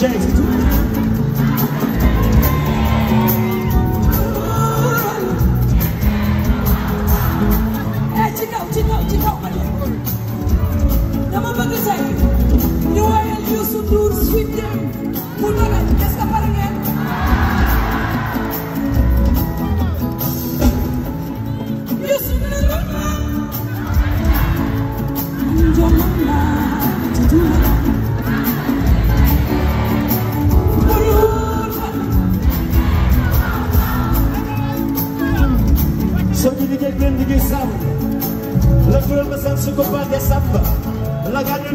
Jake.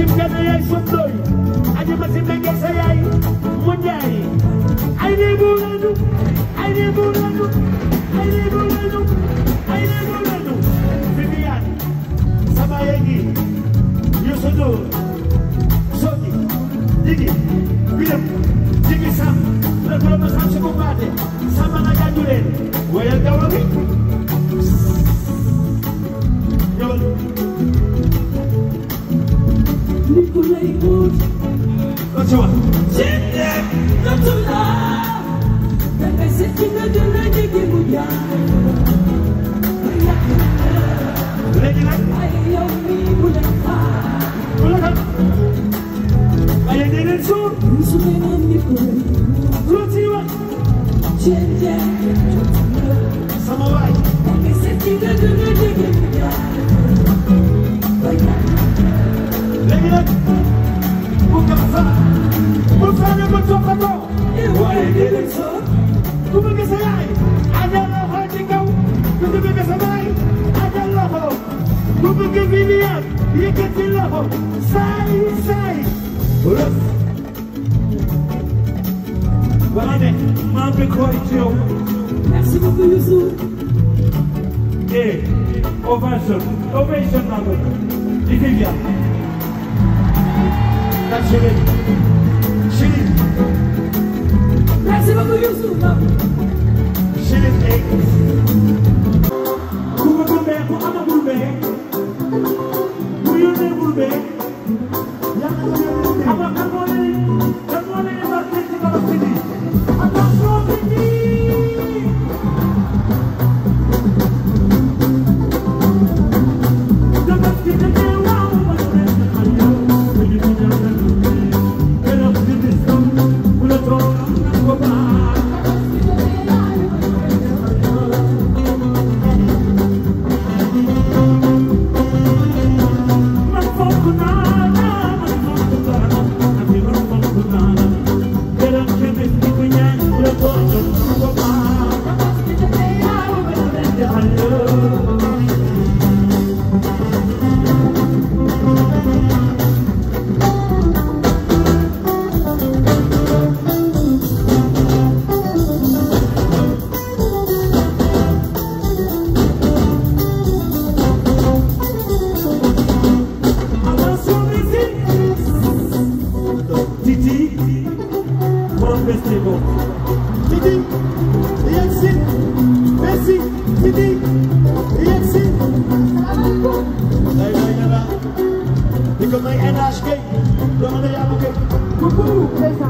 matim gana yaay sondooy aji matim na ngeen sa yaay mu njaay ay ne bu lanu ay ne bu lanu ay ne bu lanu ay ne bu lanu Viviane sama yaay gi yu sondoo sogi jigi biram jigi sam la sam su ko baate sama na gaajuleen wayal gawa Look at the video, you can see love, side, side. Voilà, mam wykończył. Merci beaucoup, Youssou. Hey, ovation, ovation nawet. I Livia. Tak się robi. Shirin. Merci beaucoup, Youssou. Shirin, hey. Kuma gulbe, ku ama gulbe. Ku Absolutely, and I skate. Don't ever get. Woo-hoo!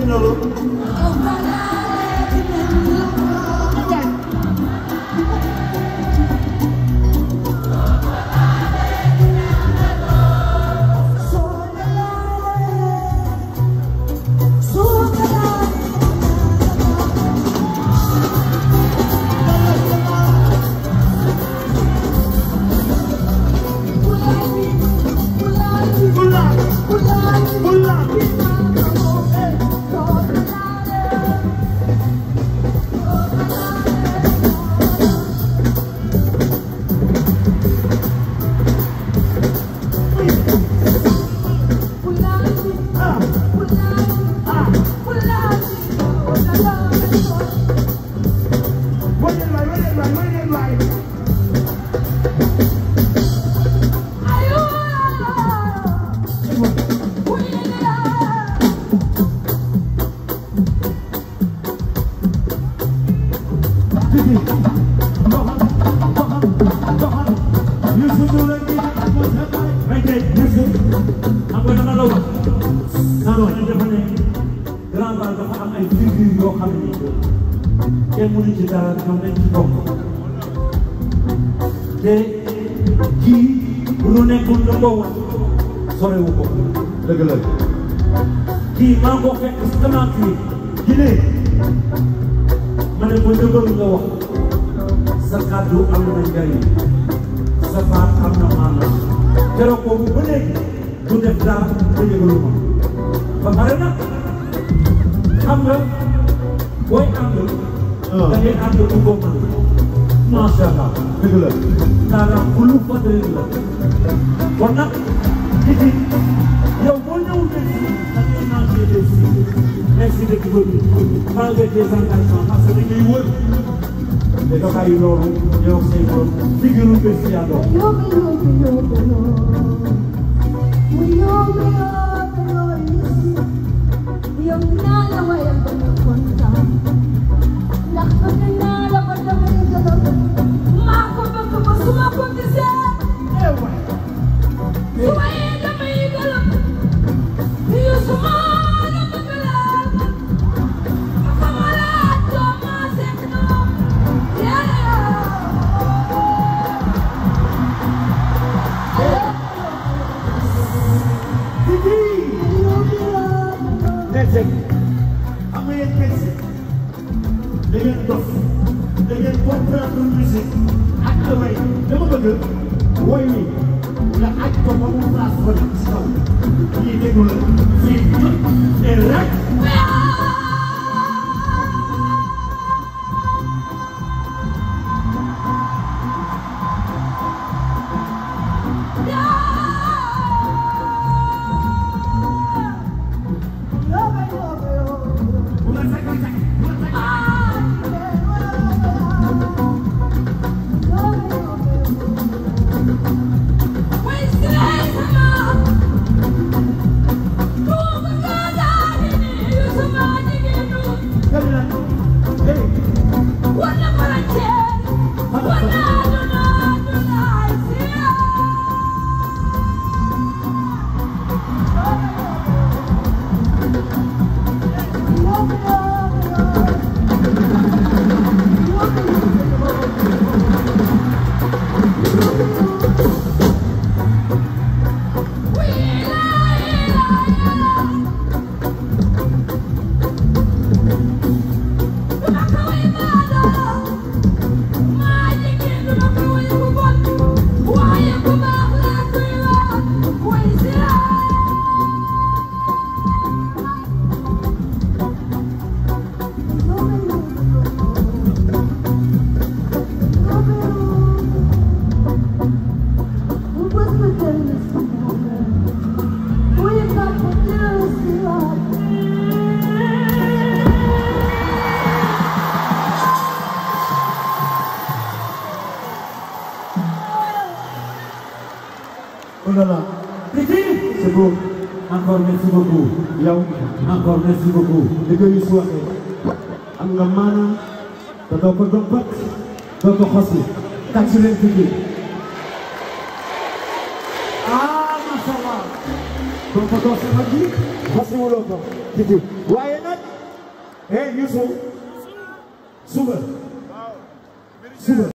no. dëgg la kii maa ngi ko fekk semence bi ne ba dëggal nga wax sa kàddu am na njariñ sa baat am na maanaam keroog boobu ba léegi du def dara te dëggalu ma ba pare nag xam nga booy ànd da ngay ànd ku ko mën macha la daanaka bu lu fa dëgg la kon ainsi de tubaab yi malgré des engagements parce que dañuy wër te doxali loolu ñoo ko say borom figure bi si àndoon. woy nga aj ko ba mu raas encore merci beaucoup li ko Youssou waxee am nga maanaam te doo ko dompat doo ko xosi tàcc leen fii ah macha allah doo ko doo sama ji xosiwuloo ko fii waaye nag eh Youssou suba suba